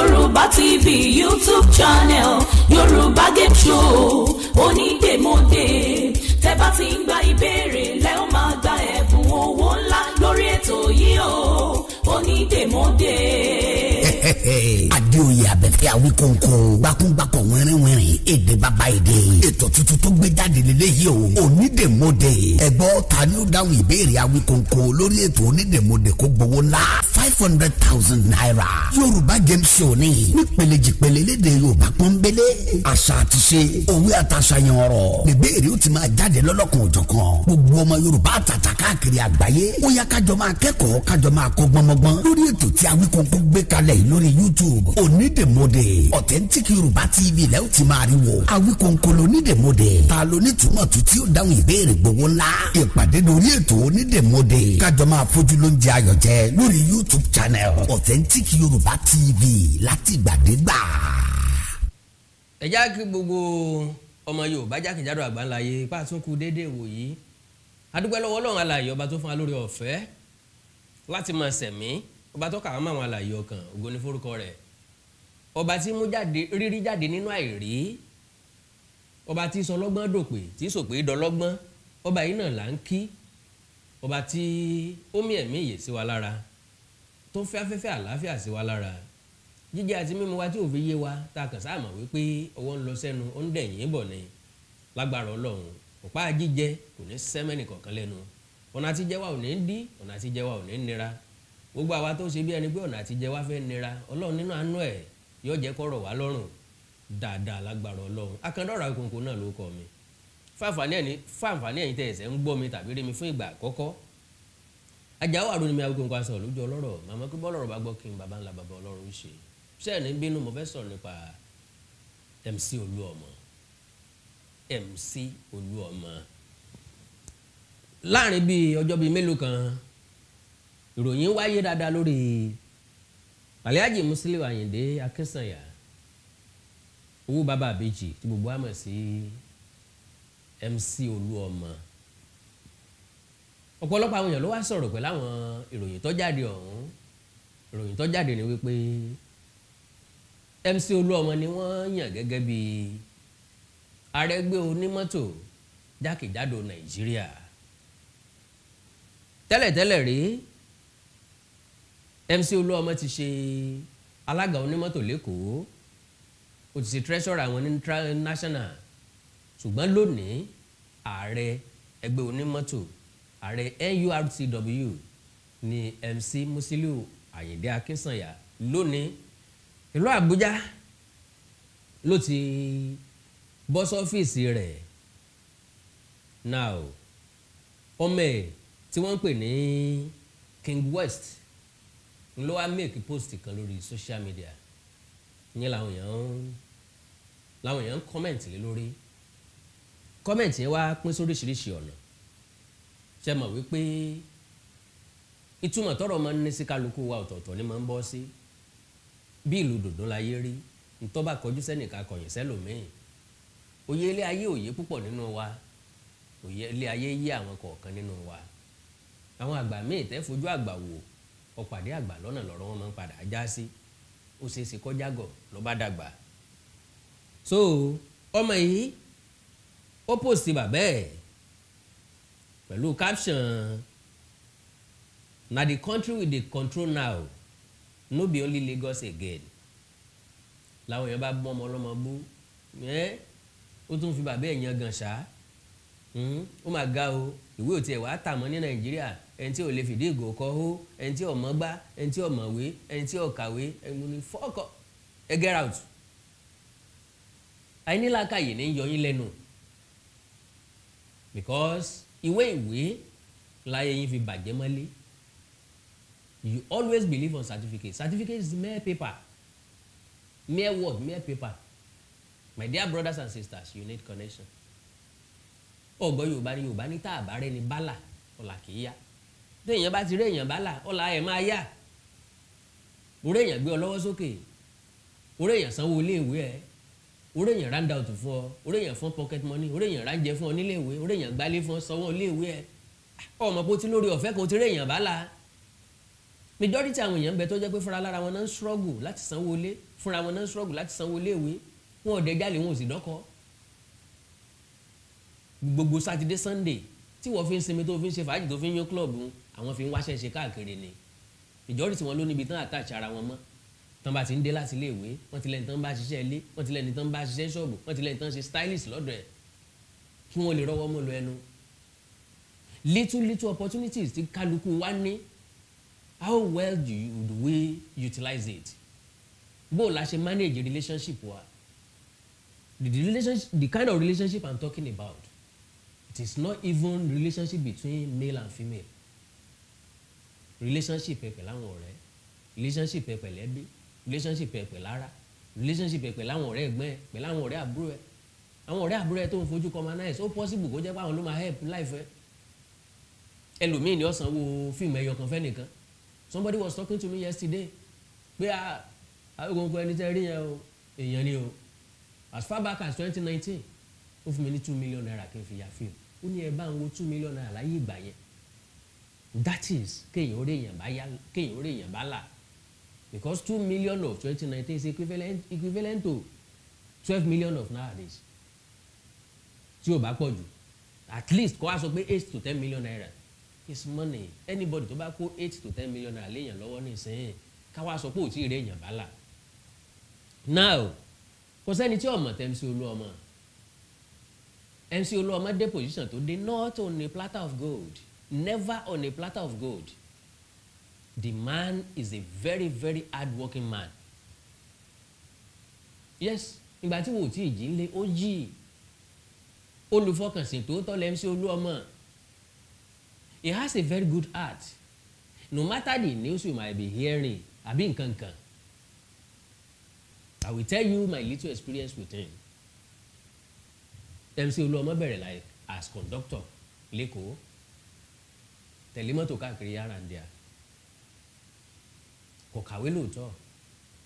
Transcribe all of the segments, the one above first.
yorùbá tv youtube channel yorùbá game show onídèmọdè tẹ bá ti ń gba ìbéèrè lẹ ó máa gba ẹ̀bùn owó ńlá lórí ètò yìí o onídèmọdè adéoyè abẹ́fẹ́ awi kòǹkòǹ gbakúgbakọ̀ wẹ́rẹ́wẹ́rẹ́ èdè bàbá èdè ètò tuntun tó gbé jáde lélẹ́yìí o onídèmọdè ẹ̀gbọ́n ta ni ó dáhùn ìbéèrè awi kòǹkòǹ lórí ètò onídèmọdè kó gbowó ńlá five hundred thousand naira yorùbá game show ni nípele jìpele léde yorùbá pọ́nbélé àṣà àtiṣe òwe àtàṣàyàn ọ̀rọ̀ ìbéèrè ó ti máa jáde lọ́lọ́kan òjọ̀kan gbogbo ọmọ yorùbá àtàtà káàkiri àgbáyé ó yá kájọ máa kẹ́kọ̀ọ́ kájọ máa kọ́ gbọ́mọgbọ́n lórí ètò tí awi kòǹkòǹ gbé kalẹ̀ ìlú lórí youtube onídèmọdè authentic yorùbá tv lẹ́ o ti máa rí wo awíkọ́nkọ́lọ́ onídèmọdè ta ló ní tùmọ̀tù tí ó dáhùn ìbéèrè gbogbo ńlá ìpàdé lórí ètò onídèmọdè kájọ máa fojú ló ń ayọ̀ jẹ lórí youtube channel authentic yorùbá tv látìgbàdégbà. ẹ já kí gbogbo ọmọ yorùbá jákèjádò àgbáńlá yé ipá tún kú déédéé wò yìí adúpẹ́ lọ́wọ́ ọlọ́run alààyè ọba tó fún wa lórí ọ̀fẹ́ láti máa ṣẹ̀mí ọba tó kà á mọ àwọn àlàyé ọkàn ògo ni forúkọ rẹ̀ ọba tí mú jáde rírí jáde nínú àìrí ọba tí sọ lọ́gbọ́n dòpè tí sòpè dọlọ́gbọ́n ọba yìí náà là ń kí ọba tí ó mí ẹ̀mí ìyè sí wa lára tó fẹ́ afẹ́fẹ́ àlàáfíà sí wa lára jíjẹ àti mímu wa tí òfin yé wa ta kàn sáàmà wípé ọwọ́ ń lọ sẹ́nu ó ń dẹ̀yìn bọ̀ ni lágbára ọlọ́run ọ̀pá jíjẹ kò ní sẹ́mẹ́nì kọ̀ọ̀kan lẹ́nu ọ̀nà àtijẹwà ò ní dí ọ̀nà àtijẹwà ò ní nira gbogbo àwa tó ṣe bí ẹni pé ọ̀nà àtijẹ wá fẹ́ nira ọlọ́run nínú àánú ẹ̀ yóò jẹ́ kọ́rọ̀ wá lọ́rùn dáadáa lágbára ọlọ́run akandọ́ra kòǹkò náà ló kọ́ mi fáǹfààní ẹ̀yin tẹ̀ ẹ̀sẹ̀ ń gbọ́ mi tàbí rí mi fún ìgbà àkọ́kọ́ ajáwó àrùn mi agogo nǹkan sọ̀rọ̀ lójú ọlọ́rọ̀ màmá pé bọ́lọ́rọ̀ bá gbọ́ kí n bàbá ńlá bàbá ọlọ́run ṣe ṣẹ́ẹ̀ ní bínú mo fẹ́ sọ̀rọ̀ nípa MC Olúọmọ MC Olúọmọ láàrin bíi ọjọ́ bíi mélòó kan ìròyìn wáyé dáadáa lórí Alhaji Musiliu Ayinde Akinsanya owó bàbá àbèjì tí gbogbo àmọ̀ sí MC Olúọmọ ọ̀pọ̀lọpọ̀ àwọn èèyàn ló wá sọ̀rọ̀ pẹ̀lú àwọn ìròyìn tó jáde ọ̀hún ìròyìn tó jáde ni wípé MC Olúọmọ ni wọ́n yàn gẹ́gẹ́ bí arẹ́gbẹ́ onímọ́tò jákèjádò Nàìjíríà tẹ́lẹ̀tẹ́lẹ̀ rèé MC Olúọmọ ti ṣe alága onímọ́tò lẹ́kọ̀ọ́ ó ti ṣe treasurer àwọn national ṣùgbọ́n lónìí ààrẹ ẹgbẹ́ onímọ́tò ààrẹ NURTW ni MC Musiliu Ayinde Akinsanya lónìí ìlú Àbújá ló ti bọ́ sọ́fíìsì rẹ̀ now ọmọ ẹ̀ tí wọ́n ń pè ní King West n ló wá make post kan lórí social media ìyẹn làwọn èèyàn ń làwọn èèyàn ń comment lé lórí comment yẹn wá pín sóríṣiríṣi ọ̀nà ṣe mọ̀ wípé ìtumọ̀ tọrọ máa ń ní sí kálukú wa ọ̀tọ̀ọ̀tọ̀ ni máa ń bọ́ sí bí ìlú dòdún láyé rí ntọ́ba kọjú sẹ́nìkan kọ̀yìn sẹ́lòmíì òye ilé ayé òye púpọ̀ nínú wa òye ilé ayé yé àwọn kọ̀ọ̀kan nínú wa àwọn àgbà míì tẹ́ fojú àgbà wò ọ̀pàdé àgbà lọ́nà lọ́rọ̀ wọn máa ń padà já sí ó ṣeé ṣe kọjá gọ̀ ló bá dàgbà. so ọmọ yìí ó pòsì bàbá ẹ̀ pẹ̀lú caption na the country we dey control now no be only Lagos again làwọn èèyàn bá bọ́ ọmọ ọlọ́mọ bú ẹ́ ó tún fi bàbá ẹ̀ yan gan ṣá hmm, ó mà ga o ìwé òtí ẹ̀ wàá tà mọ́ ní Nàìjíríà ẹni tí ò lè fìdí ìgò kọ́ hó ẹni tí ò mọ́gbá ẹni tí ò mọ̀wé ẹni tí ò kàwé ẹni ní fọ́ọ̀kọ́ ẹ get out àìnílàkàyè ní yọ yín lẹ́nu because ìwé ìwé láyé yín fi bàjẹ́ mọ́lé you always believe on certificate certificate is mere paper mere word mere paper my dear brothers and sisters you need connection ọgbọ́n yorùbá ni yorùbá ní tá a bá rẹ ni bálà ọ̀là kìí yá bí èèyàn bá ti rí èèyàn bá là ọ̀la ẹ̀ máa yá orí èèyàn gbé ọ lọ́wọ́ sókè orí èèyàn sanwó iléèwé ẹ orí èèyàn round out fún ọ orí èèyàn fún pocket money orí èèyàn ránjẹ fún ọ níléèwé orí èèyàn gbálé fún ọ sanwó iléèwé ẹ ah, ọmọ bó ti lórí ọ̀fẹ́ kan ti rí èèyàn bá là majority àwọn èèyàn ń bẹ tó jẹ́ pé fúnra lára wọn náà ń struggle láti sanwó ilé fúnra wọn náà ń struggle láti sanwó iléèwé wọn ò dẹ jálè wọn ò sì dọ́kọ gbogbo sátidé sunday tí wọ́n fi ń sinmi tó fi ń ṣe fàájì tó fi ń yán club àwọn fi ń wáṣẹ́ ṣe káàkiri ni ìjọ́rìsí wọn ló níbi tán àtàṣe ara wọn mọ́ tán bá ti ń dé láti ilé ìwé wọ́n ti lẹ́ni tán bá ṣiṣẹ́ ilé wọ́n ti lẹ́ni tán bá ṣiṣẹ́ ṣọ́ọ̀bù wọ́n ti lẹ́ni tán ṣe stylist lọ́dọ̀ ẹ̀ kí wọ́n lè rọ́wọ́ mọ́ lọ ẹnu little little opportunities tí kálukú wá ní how well do, you, do we utilize it bó o la ṣe manage relationship wa the relationship the kind of relationship I'm talking about it is not even relationship between male and female relationship ẹ pẹ̀lú àwọn ọ̀rẹ́ relationship ẹ pẹ̀lú ẹbí relationship ẹ pẹ̀lú ara relationship ẹ pẹ̀lú àwọn ọ̀rẹ́ ẹ̀gbọ́n ẹ pẹ̀lú àwọn ọ̀rẹ́ àbúrò ẹ àwọn ọ̀rẹ́ àbúrò ẹ tó ń fojú commonize ó possible kó jẹ́ pé àwọn ló máa help life ẹ ẹlòmíì ni ó sanwó fíìmù ẹyọ kan fẹ́nìkan somebody was talking to me yesterday pé agbègbè ah, ẹni tẹ́ rí yẹn o èèyàn ni o as far back as twenty nineteen ó fún mi ní two million naira kí n fi ya fíìmù ó ní ẹ bá ń wo two million naira láyé ìgbà yẹn that is kéèyàn orí èèyàn bá yá kéèyàn orí èèyàn bá là because two million of twenty nineteen is equivalent equivalent to twelve million of nowadays tí o bá pọ̀ jù at least kó wá pé eight to ten million naira is money anybody tó bá kó eight to ten million naira léèyàn lọ́wọ́ nísìnyí ká wá pé ò tí ì rí èèyàn bá là now kò sẹ́ni tí ọmọ tẹ́ MC Olúọmọ MC Olúọmọ dé position tó dé not only platter of gold never on a platter of gold. The man is a very very hardworking man. Yes, ìgbà tí wò ó tí ì jí lé ó jí olùfọkànsìn tòótọ́ lẹ́mí sí olú ọmọ. He has a very good heart. No matter the news you might be hearing, àbí nǹkan kan. I will tell you my little experience with him. MC Olúọmọ bẹ̀rẹ̀ like as conductor lẹ́kọ̀ọ́ tẹ̀lé mọ́tò káàkiri yàrá ń dìá kò kàwé lóòótọ́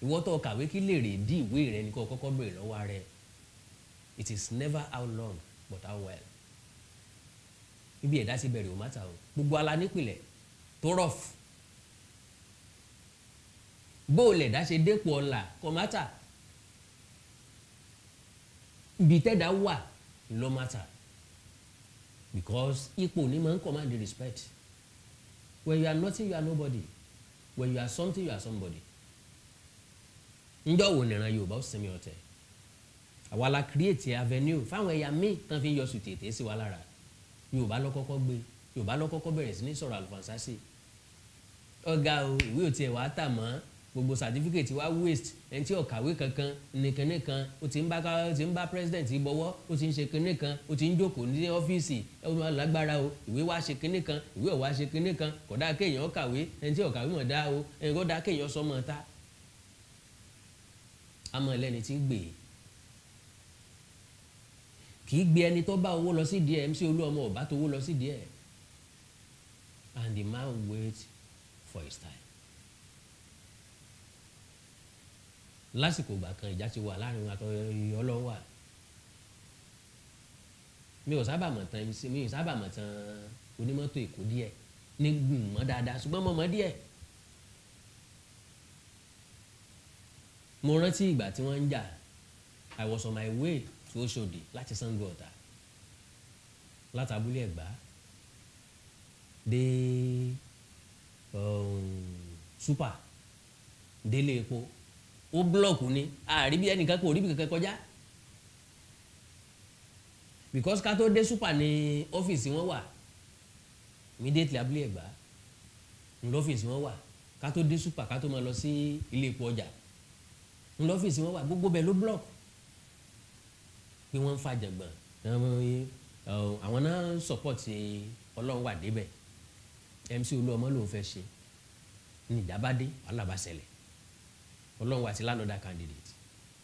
ìwọ tó kàwé kí lè rè dí ìwé rẹ ní kó kọ́kọ́ béèrè lọ́wọ́ rẹ it is never how long but how well ibi ẹ̀dá ti bẹ̀rẹ̀ ò má ta o gbogbo ala nípìnlẹ̀ tó rọ̀f bóòlù ẹ̀dá ṣe dépò ọ̀la kò má ta ibi tẹ́dá wà ló má because ipò ní máa ń command respect when you are nothing you are nobody when you are something you are somebody ǹjọ́ wo nìran Yorùbá ó sinmi ọ̀tẹ̀ àwa la create avenue fáwọn ẹ̀yà míì tán fi ń yọ sùn tètè sí wa lára Yorùbá ló kọ́kọ́ gbé Yorùbá ló kọ́kọ́ bẹ̀rẹ̀ sí ní sọ̀rọ̀ àlùfànṣá sí ọ̀gá ìwé ò tiẹ̀ wàá tà mọ́ gbogbo certificate wa waste ẹni tí ó kankan nìkanní kan ti ń bá ó ti ń bá president bọ́wọ́ ó ti ń ṣe kinní kan ti ń jókòó ní ọ́fíìsì ọmọ lágbára o ìwé wa ṣe kinní ìwé ọ̀wá ṣe kinní kan kéèyàn kàwé ẹni tí ó mọ̀ dáa o ẹni kò kéèyàn sọmọ ta àmọ́ ẹlẹ́ni tí ń gbè e. kì í gbé ẹni tó bá owó lọ sí díẹ̀ MC Olúọmọ ò bá tó owó lọ sí díẹ̀ and the man wait for his time. lásìkò ìgbà kan ìjà ti wà láàrin wọn àtọyọ Ọlọ́run wà mi ò sábà mọ̀ tán mi ò sábà mọ̀ tán onímọ́tò èkó díẹ̀ ní gbìmọ̀ dáadáa ṣùgbọ́n mo mọ̀ díẹ̀ mo rántí ìgbà tí wọ́n ń jà I was on my way to Oshodi. láti Sango Ọ̀tà láti abúlé Ẹ̀gbá dé um, super délé epo ó blọọkù ni àríbi ẹnìkan kò ríbi kankan kọjá because ká tó dé super ní ọ́fíìsì wọn wà immediately abúlé ẹ̀gbá ńlọ́fíìsì wọn wà ká tó dé super ká tó máa lọ sí ilé epo ọjà ńlọ́fíìsì wọn wà gbogbo bẹ́ẹ̀ ló block pé wọ́n ń fa jàngbọ̀n àwọn náà support ọlọ́run wà débẹ̀ MC Olúọmọ lòún fẹ́ ṣe ní ìjábádé wàhálà ọlọ́run wá sí lánàá candidate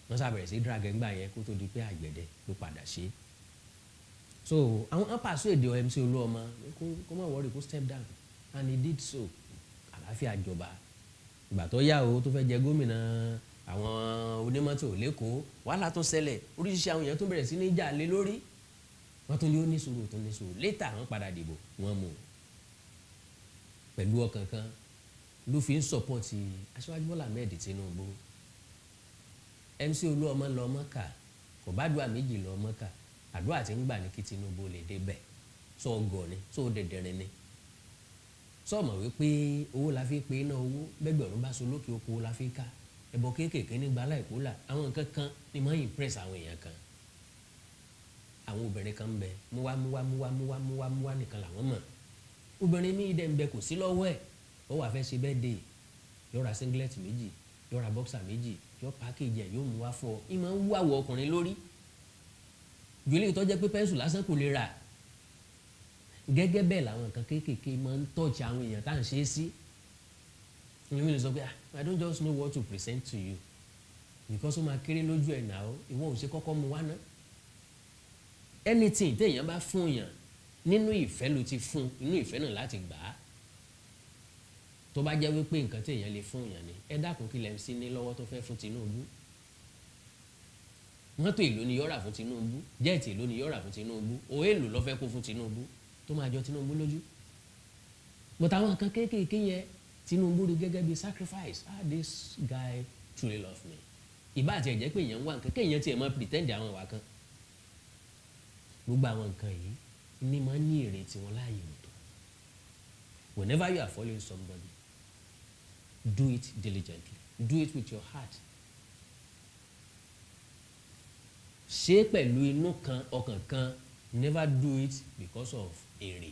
wọ́n sábẹ̀rẹ̀ sí drag ẹgbà yẹn kó tó di pé àgbẹ̀dẹ ló padà ṣe é so àwọn kan pàṣẹ èdè ọmc olúọmọ kó má wọrí kó step down and he did so àlàáfíà jọba ìgbà tó yá o tó fẹ́ jẹ gómìnà àwọn onímọ́tò lẹ́kọ̀ọ́ wàhálà tó ṣẹlẹ̀ oríṣiríṣi àwọn èèyàn tó bẹ̀rẹ̀ sí ní jà lé lórí wọ́n tún ní ó ní sùúrù tó ní sùúrù létà wọ́n padà dìbò wọ́n mú pẹ̀lú ọkàn kan ló fi ń sọpọ́tì aṣáájú Bọ́lá Ahmed Tinubu MC Olúọmọ lọ Mọ́kà kò bá dùn àméjì lọ Mọ́kà àdúrà tí ń gbà ní kí Tinubu lè débẹ̀ sọ ọgọ̀ ni sọ dẹ̀dẹ̀rin ni sọmọ wípé owó la fi pe iná owó bẹ́gbẹ̀rún bá so lókè oko la fi ká ẹ̀bọ kéékèèké nígbà aláìkólà àwọn nǹkan kan ni máa ń impress àwọn èèyàn kan àwọn obìnrin kan ń bẹ múwámúwámúwámúwámúwá nìkan làwọn mọ̀ obìnrin míì dẹ̀ ń bẹ kò sí lọ́wọ́ ẹ̀ ó wà fẹ́ ṣe bẹ́ẹ̀ dé yóò ra singlet méjì yóò ra boxer méjì yóò package ẹ̀ yóò mú wá fún ọ ìmọ̀ ń wú àwọ̀ ọkùnrin lórí jùlẹ̀ tó pé pẹ́ńsù lásán kò lè rà gẹ́gẹ́ bẹ́ẹ̀ làwọn nǹkan kéékèèké máa ń tọ́jú àwọn èèyàn tá à ń ṣe é sí ìlú mi sọ pé ah, I don't just know what to present to you because ó máa kéré lójú ẹ̀ náà ìwọ ò ṣe kọ́kọ́ mu wá ná anything téèyàn bá fún yàn nínú ìfẹ́ ló ti fún inú ìfẹ́ náà láti gbà á tó bá jẹ́ wípé nǹkan tí èèyàn lè fún èèyàn ni ẹ dákun kí lẹ́mísí ní lọ́wọ́ tó fẹ́ fún Tinubu mọ́tò èlò ni yọ́ra fún Tinubu jẹ́ẹ̀tì èlò ni yọ́ra fún Tinubu òwe èlò ló fẹ́ kó fún Tinubu tó máa jọ Tinubu lójú but àwọn nǹkan kéékèèké yẹn Tinubu rí gẹ́gẹ́ bí sacrifice ah this guy truly love me ìbá àti ẹ̀jẹ̀ pé èèyàn ń wá nǹkan kéèyàn tiẹ̀ máa pretend àwọn ìwà kan gbogbo àwọn nǹkan yìí ni máa ń ní èrè tiwọn láàyè ọ̀tọ̀ whenever you are following somebody do it diligently do it with your heart ṣe pẹ̀lú inú kan ọkàn kan never do it because of èrè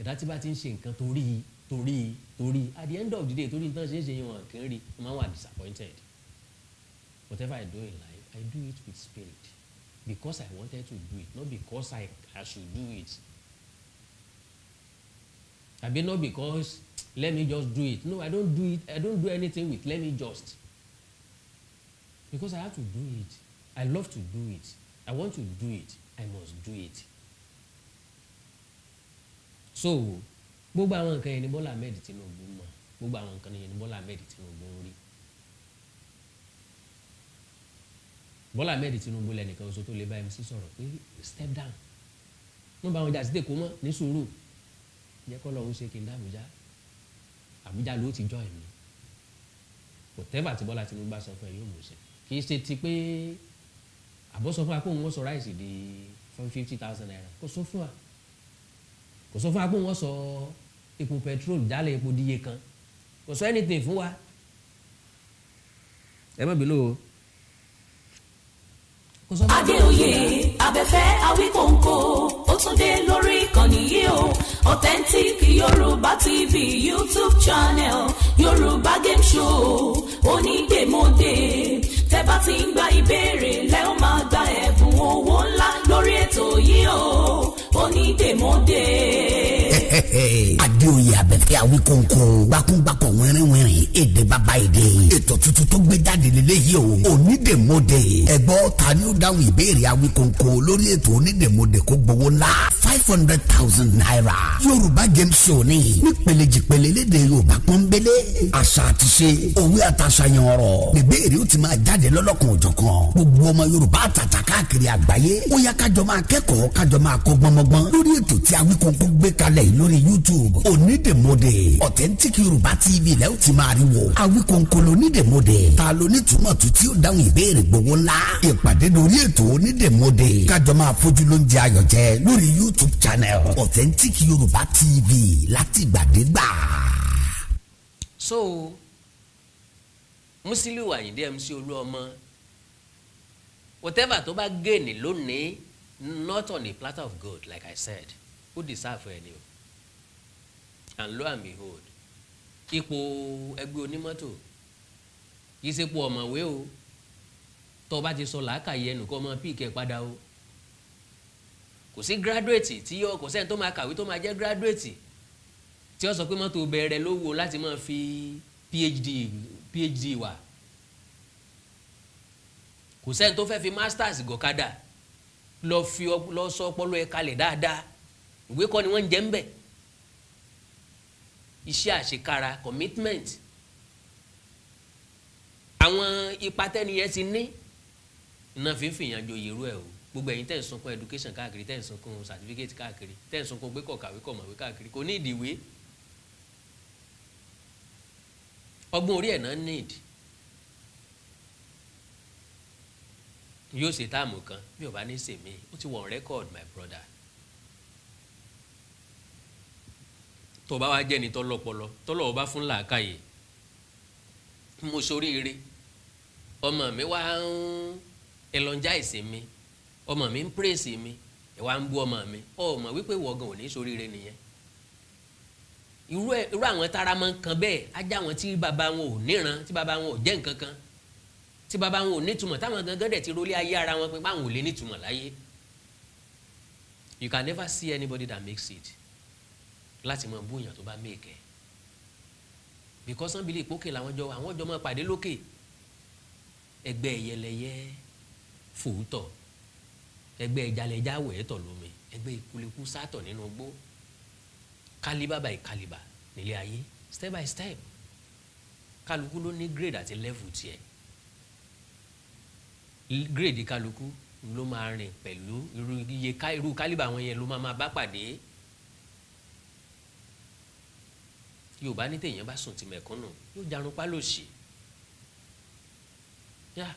ẹ̀dá tí bá ti ń ṣe nǹkan torí torí torí at the end of the day torí nǹkan ṣe ń ṣe yẹn wọn kì rí wọn máa wà disappointed whatever I do in life I do it with spirit because I wanted to do it not because I, I should do it I àbí not because let me just do it no i don't do it i don't do anything with let me just because i have to do it i love to do it i want to do it i must do it so gbogbo àwọn nǹkan yẹn ni Bọ́lá Ahmed Tinubu mọ̀ gbogbo àwọn nǹkan yẹn ni Bọ́lá Ahmed Tinubu ń rí Bọ́lá Ahmed Tinubu lẹ́nìkan oṣù tó lè bá MC sọ̀rọ̀ pé step down wọ́n bá wọn jà sí tèkó mọ́ ní sùúrù jẹ́ kọ́ lọ́hún ṣe kí n dá Àbújá Àbújá ló ti jọ ẹ̀mí kò tẹ́bà tí Bọ́lá Tinubu bá sọ fún ẹ yóò mú ṣe kì í ṣe ti pé àbọ̀ sọ fún wa pé sọ ráìsì di one fifty thousand naira kò sọ fún wa kò sọ fún wa pé sọ epo petrol jálẹ̀ epo díye kan kò sọ anything fún wa ẹ má bínú o adéoyè abẹ́fẹ́ awíkòǹkò ó tún dé lórí ìkànnì yìí o authentic Yoruba tv youtube channel Yoruba game show onídèmọdè tẹ́ bá ti ń gba ìbéèrè lẹ́ ó máa gba ẹ̀bùn owó ńlá lórí ètò yìí o onídèmọdè adéoyè abẹ́fẹ́ awi kónkó gbákúngbákọ̀ wẹ́rẹ́wẹ́rẹ́ èdè bàbá èdè ètò tuntun tó gbé jáde lélẹ́yìí o onídèmọdè ẹ̀gbọ́n ta ni ó dáhùn ìbéèrè awi kónkó lórí ètò onídèmọdè kó gbowó ńlá five hundred thousand naira yorùbá game show ni nípele jìpele léde yorùbá pọ́nbélé àṣà àtiṣe òwe àtàṣàyàn ọ̀rọ̀ ìbéèrè ó ti máa jáde lọ́lọ́kan òjọ̀kan gbogbo ọmọ yorùbá àtàtà káàkiri àgbáyé ó yá kájọ máa kẹ́kọ̀ọ́ kájọ máa kọ́ gbọ́nmọ́gbọ́n lórí ètò tí lórí youtube onídèmọdè authentic yorùbá tv lẹ́ o ti máa rí wo awíkòǹkòlò onídèmọdè ta ló ní túmọ̀tù tí ó dáhùn ìbéèrè gbowó ńlá ìpàdé lórí ètò onídèmọdè kájọ máa fojú ló ń jẹ ayọ̀ jẹ lórí youtube channel authentic yorùbá tv látìgbàdégbà. so Musiliu Ayinde MC Olúọmọ whatever tó bá gé ní lónìí not on a platter of gold like i said who deserve ẹni o and lo and behold ipò ẹgbẹ́ onímọ́tò kìí ṣe po ọ̀mọ̀wé o tó o bá ti sọ làákàyè ẹnu kó o máa píìkì ẹ̀ padà o kò sí gírádùétì tí yọ kò sẹ́ni tó máa kàwé tó máa jẹ́ gírádùétì tí ó sọ pé mọ́tò bẹ̀rẹ̀ ló láti máa fi phd phd wà kò sẹ́ni tó fẹ́ fi masters gọ̀kadà lọ fi lọ sọ ọpọlọ ẹ̀ kalẹ̀ dáadáa ìwé kọ́ ni wọ́n ń jẹ́ ń bẹ̀ iṣẹ́ àṣekára commitment àwọn ipa tẹ́ni yẹn ti ní iná fífìn yẹn joyè irú ẹ̀ o gbogbo ẹ̀yin tẹ̀ ń education káàkiri tẹ̀ ń sunkún certificate káàkiri tẹ̀ ń sunkún pé kọ̀kàwé kọ̀mọ̀wé káàkiri kò ní ìdìwé ọgbọ́n orí ẹ̀ náà need yóò ṣe táàmù kan bí o ní sèmi ó ti wọ̀n record my brother tó bá wá jẹ́ni tọ́lọ́pọlọ tọ́lọ́wọ́ bá fún làákàyè mo ṣoríire ọmọ mi wá ń elongize mi ọmọ mi ń praise mi ẹ ń bú ọmọ mi ọmọ wípé wọ̀gàn ò ní ṣoríire nìyẹn irú àwọn tára máa ń kan bẹ́ẹ̀ ajá wọn tí bàbá wọn ò níran tí bàbá wọn ò jẹ́ nǹkan kan tí bàbá wọn ò nítumọ̀ táwọn gangan dẹ̀ ti rólé ayé ara wọn pé báwọn ò lè nítumọ̀ láyé you can never see anybody that makes it láti mọ bú èèyàn tó bá méèkẹ́ because wọ́n believe ìpókè làwọn jọ àwọn jọ máa pàdé lókè ẹgbẹ́ ẹ̀yẹlẹyẹ fòótọ̀ ẹgbẹ́ ìjalẹ̀já wẹ̀ẹ́tọ̀ lómi ẹgbẹ́ ìkulekú sátọ̀ nínú gbó kálíbà by kálíbà nílé ayé step by step kálukú ló ní grade àti level tiẹ̀ grade kálukú ló máa rìn pẹ̀lú irú iye irú kálíbà wọn yẹn ló máa bá pàdé. yorùbá ní téèyàn bá sùn ti mẹ̀kúnnù yóò jarun pa lòsì yá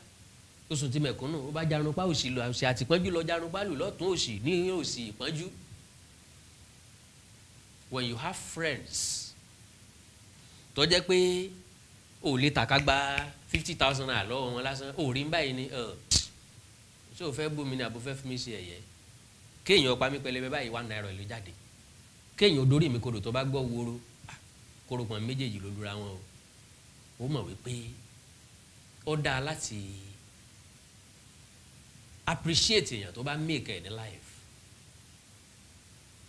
tó sùn ti mẹ̀kúnnù ó bá jarun pa òsì lọ òsì àtìpọ́njú lọ jarun pa lò lọ́tún òsì ní òsì ìpọ́njú. when you have friends tó jẹ́ pé ò lè tàka gba fifty thousand naira lọ́wọ́ wọn lásán ò rí báyìí ni ṣé o fẹ́ bú mi ni àbò fẹ́ fún mi ṣe ẹ̀yẹ kéèyàn ọ̀pá mi pẹlẹbẹ báyìí one naira ló jáde kéèyàn odórí mi kodò tó bá gbọ́ wóró kórópọn méjèèjì ló lura wọn o ó mọ̀ wípé ó dáa láti appreciate èèyàn tó bá make ẹ̀ life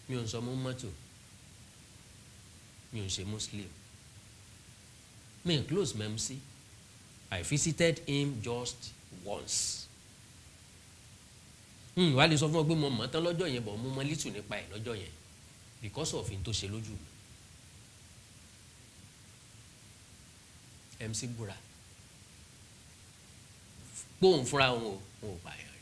mi ò ń sọ mú mọ́tò mi ò ń ṣe muslim mi n close mem sí I visited him just once hmm, wàá lè sọ fún ọ pé mo mọ̀ tán lọ́jọ́ yẹn bọ̀ mo mọ̀ lítù nípa ẹ̀ lọ́jọ́ yẹn because of n tó ṣe lójú mi MC Búra gbóhùn fúnra wọn ò wọn ò pààyàn rí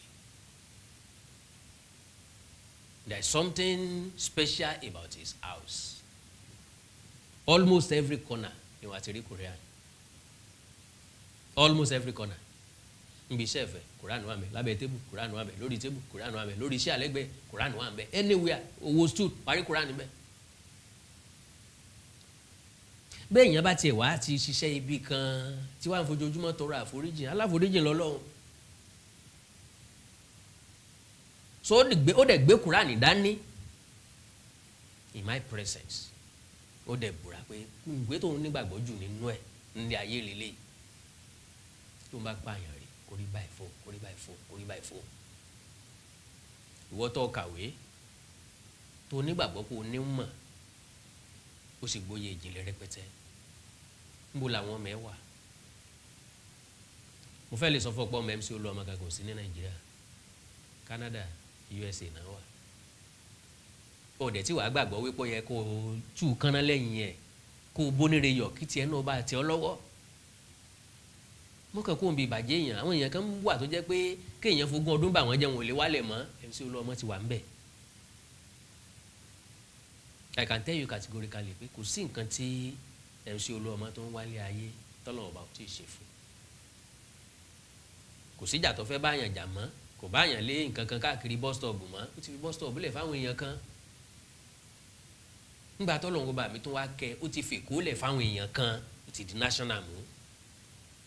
there is something special about his house almost every corner ni wàá ti rí Korean almost every corner níbi iṣẹ́ ẹ̀fẹ̀ Korean wà mẹ́ lábẹ́ tébù Korean wà mẹ́ lórí tébù Korean wà mẹ́ lórí iṣẹ́ àlẹ́gbẹ́ Korean wà mẹ́ anywhere owó stool parí Korean mẹ́ béèyàn bá tiẹ̀ wá ti ṣiṣẹ́ ibi kan tí wàá fojoojúmọ́ tọrọ àforíjì aláforíjì lọ́lọ́run so ó dẹ̀ gbé kúránì dání in my presence ó dẹ̀ búra pé ìwé tóun nígbàgbọ́ jù nínú ẹ̀ nílé ayé lélẹ̀ tó ń bá pààyàn rè kórí báyìí fò kórí báyìí fò kórí báyìí fò ìwọ tó kàwé tó nígbàgbọ́ kó o ní mọ̀ ó sì gbóyè ìjìnlẹ̀ rẹpẹtẹ níbo làwọn ọmọ ẹ wà mo fẹ́ lè sọ fún ọ̀pọ̀ ọmọ MC Olúwa máa kàkó sí ní Nàìjíríà Canada USA náà wà ọ̀dẹ̀ tí wàá gbàgbọ́ wípé yẹ kó o tú kánná lẹ́yìn ẹ̀ kó o bónire yọ kí tiẹ̀ náà bá tiẹ̀ lọ́wọ́ mo kàn kó o bí ìbàjẹ́ èèyàn àwọn èèyàn kan wà tó jẹ́ pé kéèyàn fogún ọdún bá wọn jẹun ò lè wálẹ̀ mọ́ MC Olúwa ti wà ń bẹ̀ I can tell you categorically pé kò sí nǹkan tí MC Olúọmọ tó ń wálé ayé tọ́lọ̀ ọba ò tí ì ṣe fún kò síjà tó fẹ́ báyàn jà mọ́ kò báyàn lé nǹkan kan káàkiri bus stop mọ́ ó ti fi bus stop lẹ̀ fáwọn èèyàn kan nígbà tọ́lọ̀ ọba mi tó wá kẹ́ ó ti fèkó lẹ̀ fáwọn èèyàn kan ó ti di national mú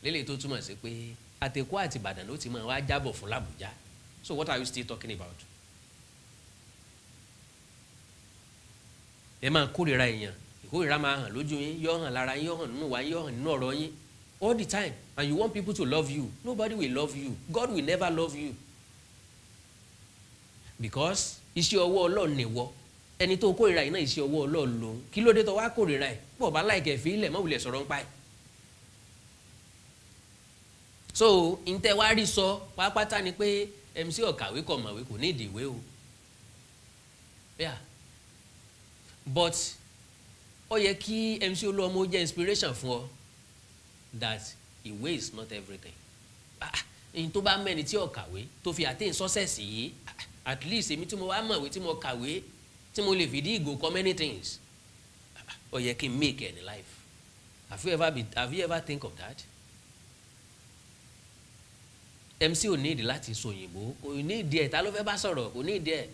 lélẹ̀ tó túmọ̀ sí pé àtẹ̀kọ́ àti Ìbàdàn ló ti máa wá jábọ̀ fún làbújá so what are you still talking about? ẹ máa kórìíra èèyàn ìkórìíra máa hàn lójú yín yọ hàn lára yín yọ hàn nínú wa yọ hàn nínú ọ̀rọ̀ yín all the time and you want people to love you nobody will love you God will never love you because iṣẹ́ ọwọ́ Ọlọ́run nìwọ ẹni tó kórìíra yìí náà iṣẹ́ ọwọ́ Ọlọ́run lòun kí ló dé tó wá kórìíra ẹ̀ pọ̀ bá láìkẹ́ fi ilẹ̀ mọ́ wulẹ̀ sọ̀rọ̀ ń pa ẹ̀ so ntẹ wá rí sọ pápátá ni pé MC ọ̀kàwé kọ̀ mọ̀wé kò ní ìdìwé o but ó yẹ kí MC Olúọmọ jẹ́ inspiration fún ọ that ìwé is not everything ah, ah n tó bá mẹ́ni tí ò kàwé tó fi attain success yìí ah, ah, at least èmi tí mo wá mọ̀wé tí mo kàwé tí mo lè fìdí ìgò kọ many things ó yẹ kí n make any life have you ever be? have you ever think of that MC ò ní ìdí láti sòyìnbó kò ní ìdí ẹ̀ ta ló fẹ́ bá sọ̀rọ̀ kò ní ìdí ẹ̀